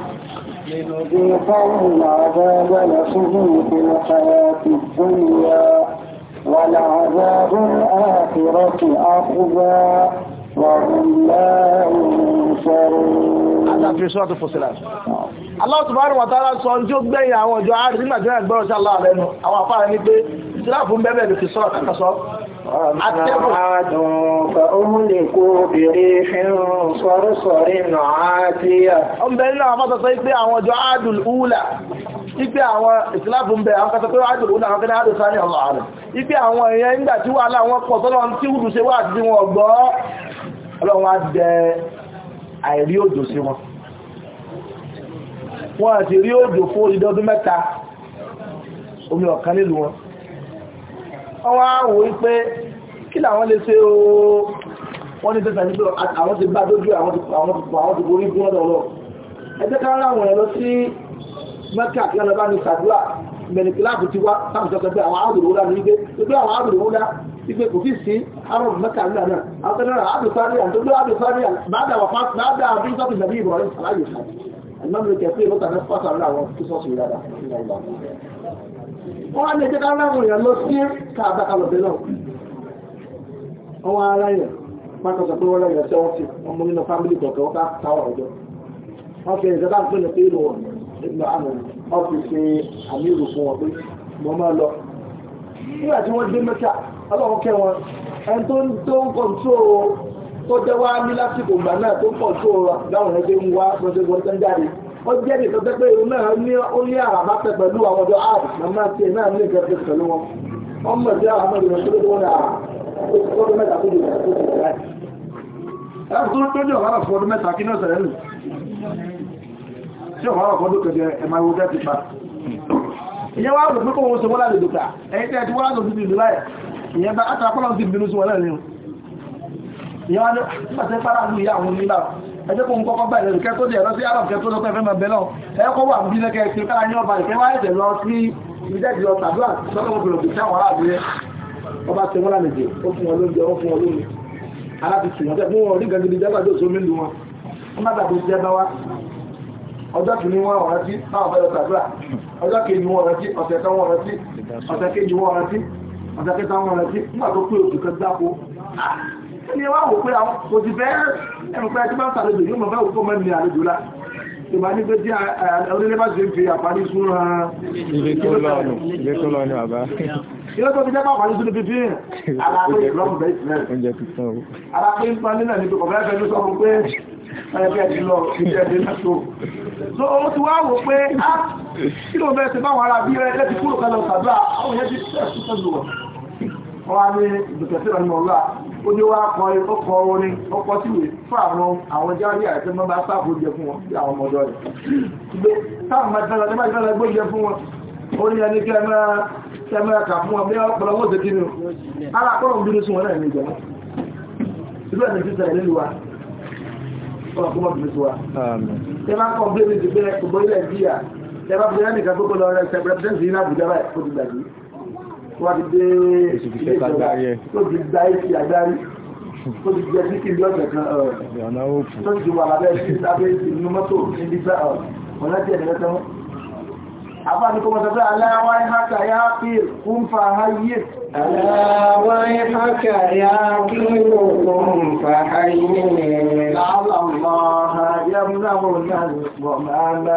لنذيقهم عذاب لخزي في الحياة الدنيا ولعذاب الآخرة أخزى وهم لا ينصرون Allah subhanahu wa ta'ala sọ ní ó gbẹ̀yìn àwọn ọjọ́ àrídìmọ̀ tí wọ́n gbọ́rọ̀ sí aláàrẹ̀ àwọn àfáà ní pé ìsìláàfún bẹ́bẹ̀ ní ti sọ́rọ̀ kàkàsọ́ عاد فأهلكوا بريح صرصر عاتية ọmọbìnrin náà mọ́ta sọ ipé àwọn ọjọ́ àádùl úlà ipé àwọn ìsìláàbù ń bẹ àwọn kàtà pé àádùl úlà àwọn kẹta àádùl sáni ọ̀lọ́ àrẹ ipé àwọn èèyàn nígbà tí wà láwọn pọ̀ tọ́lọ wọ́n á wò wípé kí làwọn lè ṣe ooo wọ́n ní tẹ́sà nítorí àwọn ti bá dójú àwọn ti pọ̀ àwọn ti borí gún ọ̀dọ̀ lọ ẹjẹ́ ká rán àwọn ẹ̀rọ sí mẹ́kà kí wọ́n bá ní sàdúrà mẹ́rin kíláàfù ti wá táwọn sọ pé àwọn áàbùrù wúlá ní gbé gbé àwọn áàbùrù wúlá ìgbé kò fi sí àwọn mẹ́kà nílà náà àwọn tẹ́lẹ̀ náà áàbùrù sáré àti gbé áàbùrù sáré àbádà wà fásitì àbádà àbúrú sọ́tù ìgbàgbé ìbọ̀rẹ́ àláyé sáré àti mọ́mìlì kẹfẹ́ ìlú tàbí wọ́n á lè jẹ́ dára àwọn èèyàn lọ sí káàbákalọ̀bẹ̀ náà wọ́n ara yẹn mákàtà pé wọ́n lẹ́yìn ẹ̀ṣẹ́ wọ́n ti ọmọ nínú fámílì kọ̀ọ̀kẹ́ wọ́n ká táwà ọjọ́ wọ́n fi ìjọba ń pínlẹ̀ pé ìlú wọn ìgbà àmì ọ́fíìsì àmì ìlú fún wọn pé mo máa lọ nígbà tí wọ́n dé mẹ́ta ọlọ́run kẹ́ wọn ẹni tó ń tó ń kọ̀ǹtó tó jẹ́ wá ní lásìkò ìgbà náà tó ó jẹ́ nìkan tó pé òun náà ní ó ní àràbá pẹ̀ pẹ̀lú àwọn ọjọ́ ààbò màmá tiẹ̀ náà ní nǹkan tó pẹ̀lú wọn wọ́n mọ̀ sí àwọn ọmọdé tó lóko náà ọdún mẹ́ta tó lè tó lè láì. ẹ tó tó jọ wàrà fún ọdún mẹ́ta kí náà sẹ̀rẹ̀ nù tí ọ̀wọ́ ọ̀fọ́dún kẹjẹ ẹ̀mà ìwò jẹ́ ìyẹn wá rò pípọ̀ wọn sọmọ́lá lè dùkà ẹ̀yìn tẹ́ ti wá rò sí ìlú láyẹ̀ ìyẹn bá àtàkọ́lọ́ sí ìbínú sí wọn lẹ́rin ìyẹn wá ní pàtẹ́ pàdánù ìyá àwọn onílà ẹjẹ́ kó ń kọ́kọ́ bá ìrẹ̀lú kẹ́tó dẹ̀ lọ sí arab kẹ́tó lọ́pẹ́ fẹ́ mọ̀ bẹ́lọ̀ ẹ̀kọ́ wà bí lẹ́kẹ́ ti kára ní ọba ìfẹ́ wáyẹ̀ lọ sí ìdẹ́jì ọ̀tà bí àtúnṣọ́lọ́wọ́ bèrè òkè sáwọn aráàbúrẹ́ ọba ti wọ́n lálejò ó fún wọn lóúnjẹ ó fún wọn lómi alábìsì wọn tẹ́ fún wọn rí gàgìdì jágbàdo òṣò mí lu wọn wọn bá dàbò jẹ bá wa ọjọ́ kìíní wọn ọ̀rẹ́ sí táwọn bẹ́ẹ̀ tàdúrà ọjọ́ kejì wọn ọ̀rẹ́ sí ọ̀sẹ̀ kan wọn ọ̀rẹ́ sí ọ̀sẹ̀ kejì wọn ọ̀rẹ́ sí ọ̀sẹ̀ kẹta wọn ọ̀rẹ́ sí nígbà tó pé oṣù kan dáko ah! ní wá wò pé àwọn kò ti ẹnu pé ẹtí bá ń sàlejò yóò mọ̀ báwo tó mọ̀ ní àlejò la ìgbà ní pé tí onílé bá ṣe ń fi àpárí sún ra ilé tó lọ́nù ilé tó lọ́nù àbá ilé tó fi jẹ́ pàpà ní sunu fífi alápé ìlọ́mù bẹ́ẹ̀ sílẹ̀ oúnjẹ tuntun o alápé ń pan nínà so ó ti wá wò pé á ah, kí ló bẹ́ẹ̀ ti bá wọn ara bí ẹ lẹ́ti kúrò kan ó ní wá kọ ọkọ̀ orin ọkọ̀ tí wè fún àwọn àwọn járí àti mọ́ bá sáàbò jẹ fún wọn sí àwọn ọmọdọ́ rẹ̀ gbé táàmù mẹ́tẹ́lẹ̀ ní mẹ́tẹ́lẹ̀ gbó jẹ fún wọn ó ní ẹni kẹ́mẹ́ra fún wọn bí ọpọlọwọ́ tẹ́kí ni ara kọ́rọ̀ ń dúró sí wọn náà ní ìjọba ìbẹ̀ ní títẹ̀ ìlú wa ọ̀rọ̀ kọ́mọ̀ bí wa tẹ́lá kọ́ bí mi ti bẹ́ ọgbọ́ ilẹ̀ ìdíyà tẹ́lá bí wọ́n ti dé ìjọba tó ti gba ìfì àgbárí tó ti jẹ́ sí kìlú ọ̀sẹ̀ kan tó ti wà lábẹ́ ìsábẹ́ ìsinmi mọ́tò níbi gbà ọ̀nà tí ẹ̀dẹ̀ lẹ́tọ́ àbá ní kọ́mọ̀tọ́ pé aláwọ̀ ẹ̀hákà yá pé kún fa ayé ألا ويحك يا كلكم فحيني لعل الله يمنعنا الغمام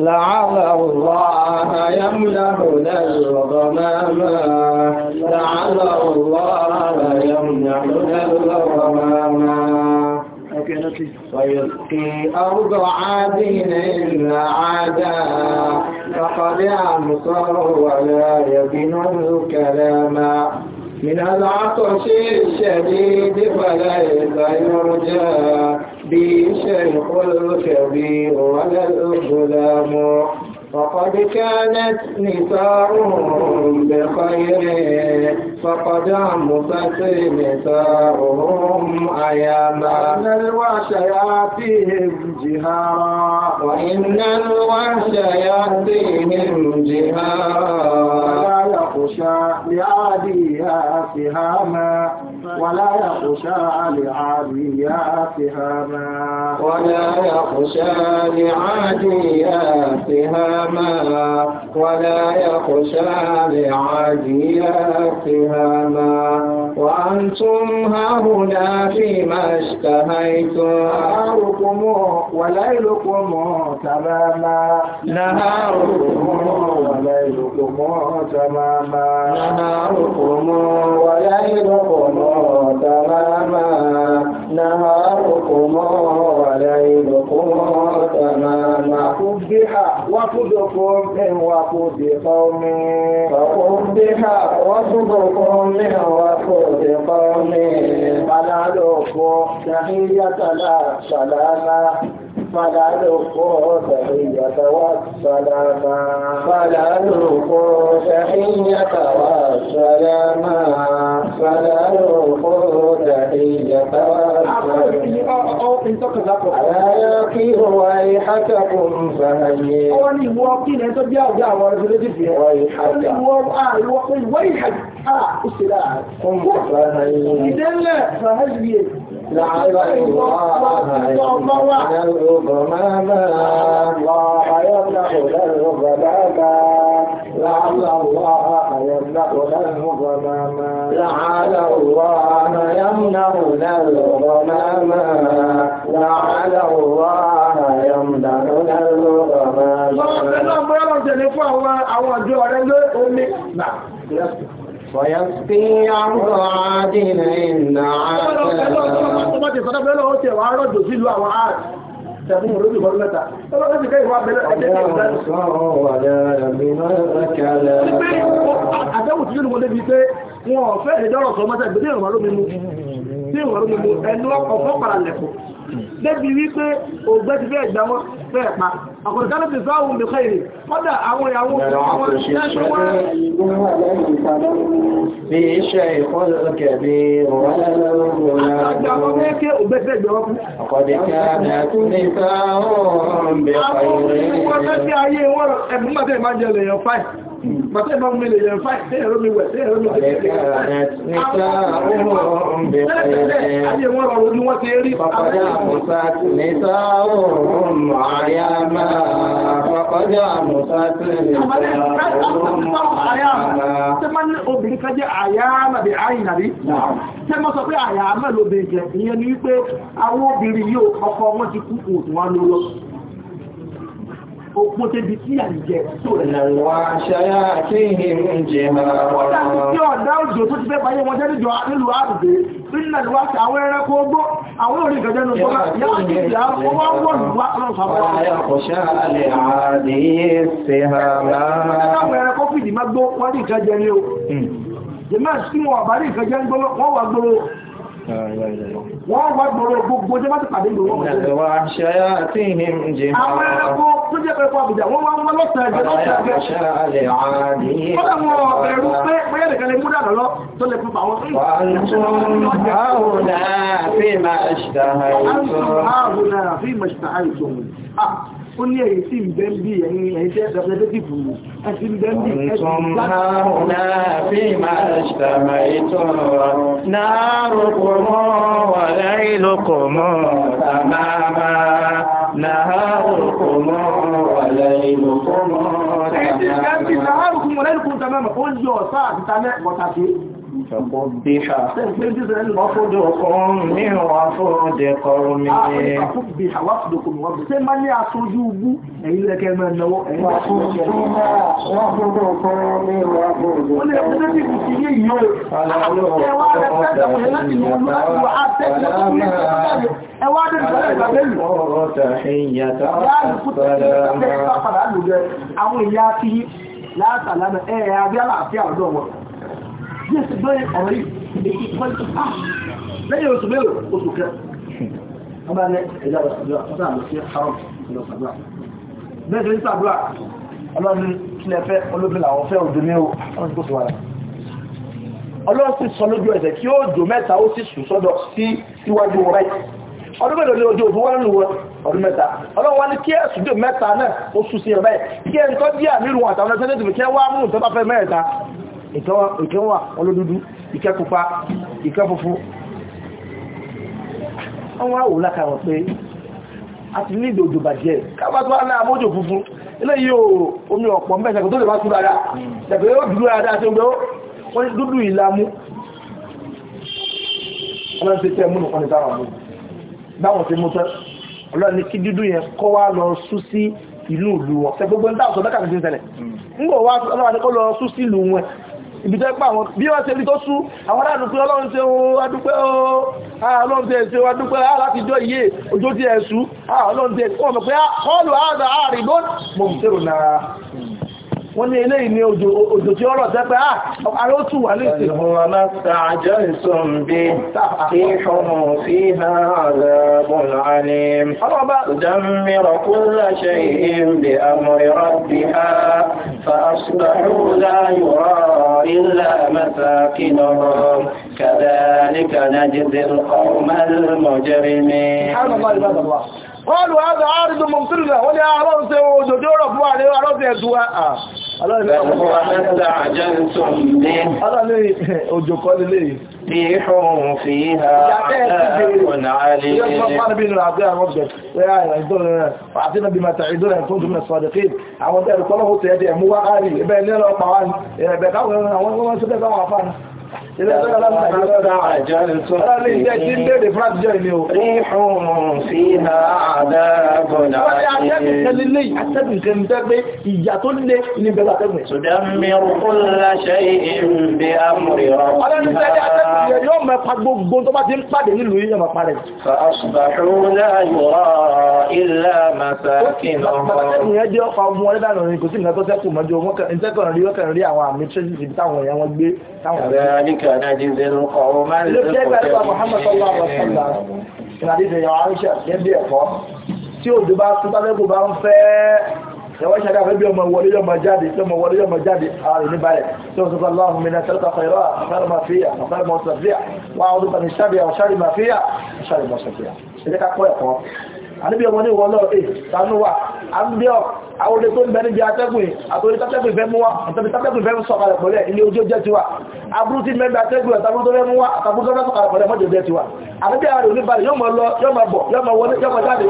لعل الله يمنعنا الغمام لعل الله يمنعنا الغمام ويسقي أرض عادين إلا عادا فقدع مصره ولا يبنه كلاما من العطش الشديد فليس يرجى به الشيخ الكبير ولا الغلام فقد كانت نساؤهم بخير فقد عمست نساؤهم أياما إن الوحش يأتيهم جهارا وإن الوحش يأتيهم جهارا لا يخشى لعاديها سهاما ولا يخشى لعادياتها ما ولا يخشى لعادياتها ما ولا يخشى لعادياتها ما وأنتم هاهنا فيما اشتهيتم نهاركم وليلكم تماما نهاركم وليلكم تماما نهاركم وليلكم تماما نهاركم وليلكم ما قبح وصدق من وقود قوم فقبح وصدق من وقود قوم فلا لقوا تحية لا سلاما فلا نقول تحية والسلاما فلا نقول تحية والسلاما فلا نقول تحية والسلاما ألا يقي ويحككم فهيئ ويحك ويحك اه السلاح فهيئ إذا لا لعل الله يطلب ماذا الله يمنح له غماما لعل الله يمنح له غماما لعل الله يمنح له غماما لعل الله يمنح له غماما. Lọ́wọ́ pẹ̀lú ọgbọ́n ọ̀rọ̀ jẹ̀ ní fún àwọn àjọ rẹ̀ lé omi. Fọ̀yàsí àwọn àdínà ìnà àtẹ́lẹ̀. Ọlọ́pẹ́lọ́pẹ́lọ́pẹ́ tó bá ti sọ́dọ̀ pẹ́lọ́ ó tẹ̀ wá rọ̀jò sílùú àwọn ààrẹ. Tẹ̀fún olóbi ọdún mẹ́ta. Tọ́lọ́pẹ́ ti kẹ́ ìwà bẹ̀rẹ̀ ẹ̀jẹ̀ ìgbà. Àtẹ́wò tí ó ní mo débi pé wọn ò fẹ́ ìdọ́rọ̀ sọ mọ́tẹ́ ìgbé ìrọ̀mọ́ ló mímú. Tí ìrọ̀mọ́ ló mímú ẹnu ọkọ̀ fọ́ àkọ̀dùkálẹ̀ ti sáwọn olùkọ́ èrè kọ́dà àwọn ìyàwó àwọn ìṣẹ́ wọ́n bí iṣẹ́ ìfọ́lọ́kẹ̀ bí wọ́n lọ́wọ́ Màtẹ́ bá mílè yẹn fáì tẹ́ ẹ̀rọ mi wẹ̀ tẹ́ ẹ̀rọ mi tẹ́ Ayé wọn rọrùn ní wọ́n ti rí. Fọ́kọ́já Musa ti ní sáàrùn àríyá máa. Fọ́kọ́já Musa ti ní sáàrùn àríyá máa. Ṣé máa ní obìnrin kan jẹ́ àyá nàbí àyìn nàbí? Ṣé mo sọ pé àyà mẹ́lòbìnrin jẹ̀ ìyẹn ni wípé àwọn obìnrin yóò ọkọ wọn ti kú òtún wọn lóró. Òpó tẹ́bi tí à ń jẹ tó rẹ̀. Ìlànà àṣàyà kí ìhìn jẹ máa wà. Ó dàbí tí ọ̀dá òjò tó ti fẹ́ báyé wọn jẹ́ níjọ nílùú àrùdé. Nílùú àrùdé wáṣà àwọn ẹranko ogbó, àwọn orí ìgbẹ̀jẹ́ nù sọ́lá. Yáà ní ìyá owó wọ́n lù wá ọ̀rọ̀ sàbọ̀. Àyà kò ṣáàlẹ̀ àdìyẹ ṣe ha máa. Àwọn ẹranko fìdí má hmm. wà gbòòrò. Wọ́n wá gbọ́rọ̀ gbogbo jẹ́ máti pàdé ìlú wọn. Ìwà ṣẹ́yà àti ìhìn jẹ́. Àwọn ẹranko tó jẹ́ pẹ̀lú àbùjá, wọ́n wá ń lọ́sẹ̀ ẹgbẹ́ lọ́sẹ̀ ẹgbẹ́. Àṣà alẹ̀ àdí. Wọ́n dà wọ́n ẹ̀rù ó ní èyí sí ìbẹ́ńbì ẹ̀yìn ẹ̀yìn jẹ́ representative mi ẹ̀sìn ìbẹ́ńbì ẹ̀sìn Ẹ̀sìn ìbẹ́ńbì náà rùkùnmọ̀ lẹ́rùkùn tàbí ọmọ ó yọ ọ̀sá àti tàbí ọ̀tàkì فقبح تجد المفض قوم وفرد قوم فقبح وفدكم وبسما لي أسجوب إلا كما نوع وفرنا وفرد قوم وفرد قوم ولا تجد في يوم فلا يوم Látàlánà ẹ̀yà abẹ́ àlàáfíà ọ̀dọ́ wọn ní ẹsẹ̀ bẹ́ẹ̀ ọ̀rọ̀ yìí èyí tó bẹ́ẹ̀ tó ah lẹ́yìn oṣù mélòó oṣù kẹ ọba ní ẹ̀yà ọ̀sàdúrà ọba àmì sí haram ìlú ọ̀sàdúrà bẹ́ẹ̀ tó ń sàdúrà ọlọ́run kílẹ̀ fẹ́ olóbi làwọn fẹ́ òdò ní o ọlọ́run tó sọ wáyà ọlọ́run sì sọ lójú ẹ̀sẹ̀ kí ó jò mẹ́ta ó sì sùn sọ́dọ̀ sí síwájú wọn báyìí ọdún mẹ́ta ní ojú òfin wọ́n lù wọn ọdún mẹ́ta ọlọ́run wá ní kí ẹ̀sùn jò mẹ́ta náà ó sùn sí ẹ̀ báyìí kí ẹ̀ ń tọ́jú àmì ìrùn àtàwọn ẹ̀sẹ̀ tẹ̀sí kí ẹ wá mú ìtọ́bá fẹ́ mẹ́ta ìkẹwà olódúdú ìkẹkùpa ìkẹfufu àwọn àwò lákàwọn pé a ti ní ìdòdò bàjẹ́ kábàtọ́ aláàmójò funfun ilé yíò omi ọ̀pọ̀ mẹ́sẹ̀kù tó lè bá túnbára ẹ̀bẹ̀ yóò dúdú ara dáa tí ó gbé wọ́n dúdú ìlàmú ọlọ́rin ti tẹ́ múnù kọ́ni táwọn mú báwọn ti mú tẹ́ ọlọ́rin kí dúdú yẹn kọ́ wá lọ sú sí ìlú ìlú wọn tẹ ibi tẹ́ pà wọn bí wọ́n ṣe rí tó sú àwọn aládùúgbò ọlọ́run ṣe o adúpẹ́ o ọlọ́run ṣe ṣe adúpẹ́ láti jọ iye òjò ti ẹ̀ṣú ọlọ́run ṣe wọ́n mọ̀ pé kọlù àádọ́ àárín lónìí mọ̀ wọ́n ní eléyìí ní òjò tí ọ̀rọ̀ tẹ́pẹ́ ààrẹ ó tù wà ní ìsìn. فأصبحوا لا يرى إلا مساكنهم كذلك نجزي القوم المجرمين سبحان الله عباد الله قالوا هذا عارض ممطرنا ولا أعرض وجدور أفواه وأعرض يدواء Àtínà bí màtà ìdúrà ẹ̀kún jùmọ̀ sọ̀dẹ̀kì àwọn ẹ̀rùkọ́lọ́hùn tẹ́ẹ̀dẹ̀ mú wá ààrí ẹ̀bẹ̀ ilé ọlọ́pàá wá ní ẹ̀bẹ̀ káwọn ẹ̀rùn àwọn ọmọ ṣẹ́bẹ̀ káwọn àfáà Ìyà tó lé ní bẹ̀rẹ̀ àtẹ́gùn. Ṣùdẹ́mìrù kún láṣẹ́ ìbí àmúrí rọ. Ọlọ́ni tẹ́lẹ̀ àtẹ́gùn yóò mẹ́pa gbogbo tó bá ti ń pàdé nílùú yíò mẹ́pa rẹ̀. Fa'asùbàṣ سنجزي القوم tí òjò bá tún tálẹ́kù bá ń fẹ́ ẹwọ́ ìṣẹ́dá fẹ́ bí ọmọ ìwọlé yọmọ jáde tí ọmọ ìwọlé yọmọ jáde ààrẹ ní báyẹ̀ tí ó sọ́kọ́ aláhùn mi náà tẹ́lẹ̀kọ́ fẹ́rọ àfẹ́rọ máa fíyà àfẹ́rọ máa sọ̀fíà wọ́n àwọn olùkọ́ni sábẹ̀ àwọn sáàrì máa fíyà sáàrì máa àníbí ọmọ ní ìwọ̀n lọ eh, ẹ̀ tánú wà a ń bí ọ àwọn olè tó ń bẹ níbi atẹ́gùn àtòrí tátẹ́gùn ìfẹ́ mú wá àtàbí tátẹ́gùn ìfẹ́ mú sọ̀kalẹ̀ pẹ̀lẹ́ ilé ojú jẹ́ tiwa aburú ti mẹ́bẹ̀ atẹ́gùn àtàbí tó mẹ́mú wá àtàbí tó mẹ́mú sọ̀kalẹ̀ pẹ̀lẹ́ mọ́jọ jẹ́ tiwa àníbí àwọn olè balẹ̀ yóò mọ̀ lọ yóò mọ̀ bọ̀ yóò mọ̀ wọlé yóò mọ̀ jáde.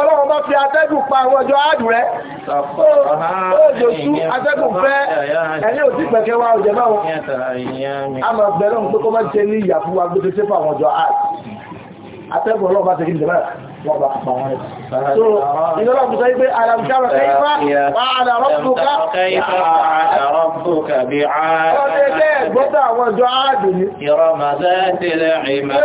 ọlọ́run bá fi atẹ́gùn pa àwọn ọjọ́ àádùn rẹ̀ ó jòsú atẹ́gùn fẹ́ ẹni ò tí pẹ̀kẹ́ wá ọjọ́ bá wọn a máa bẹ̀rẹ̀ òun pé kọ́ máa jẹ́ ní ìyàfúwa gbé إذا ربك كيف ألم ترى كيف فعل ربك كيف فعل ربك بعاد gbọ́dọ̀ àwọn ọjọ́ ààdì ní ìrọmọ̀dáàtìlẹ̀ ìbẹ́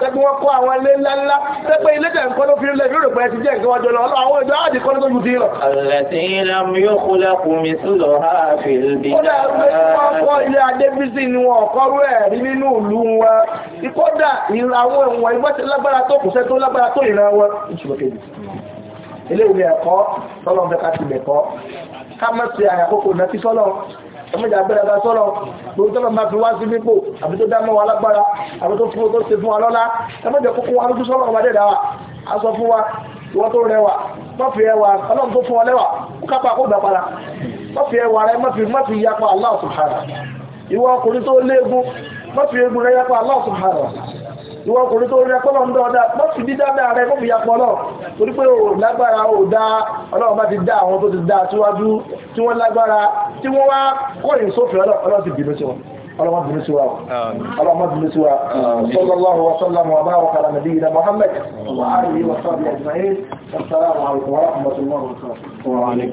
tẹ́gbẹ́ wọ́n kọ́ àwọn ilé ńláńlá tẹ́gbẹ́ ilé tẹ̀ ń kọ́ ló fi ilẹ̀ yóò pẹ̀ẹ́ ti jẹ́ ǹkan ọjọ́ lọ àwọn ọjọ́ ààdì kọ́ ló tó yùdí lọ. ọ̀lẹ́sìn ilẹ̀ ìkọ́dà ìran àwọn ẹ̀wọ̀n ẹgbẹ́ ti lágbára tó kò sẹ́ tó lágbára tó ìran wọn ìṣòro kejì eléwìí ẹ̀kọ́ sọ́lọ́ fẹ́ ká ti lẹ̀kọ́ ká mọ̀ sí àyàkókò náà kí sọ́lọ́ ọmọdé abẹ́rẹ́ bá sọ́lọ́ gbogbo tó máa fi wá sí nípò àbí tó dáná wa lágbára àbí tó fún tó ṣe fún wa lọ́lá ẹmọdé kókó wa lójú sọ́lọ́ ọmọdé dá a sọ fún wa ìwọ́n tó rẹwà mọ́fì ẹwà ọlọ́run tó fún wa lẹ́wà ó kápá kó gbà padà mọ́fì ẹwà rẹ mọ́fì mọ́fì yapa Allah subhanahu ìwọ ọkùnrin tó léegun mọ́tí egun rẹ̀ yapa Allah subhanahu ìwọ ọkùnrin tó rẹ̀ kọ́lọ̀ ń dọ́ọ̀dá mọ́tí bí dáadáa rẹ̀ kọ́bù yapọ̀ náà torí pé o lágbára o dá ọlọ́run bá ti dá àwọn tó ti dá tíwájú tí wọ́n lágbára tí wọ́n wá kọ́yìn sófin ọlọ́run وسلم وبارك على نبينا محمد وعلى اله وصحبه اجمعين عليكم ورحمه الله وبركاته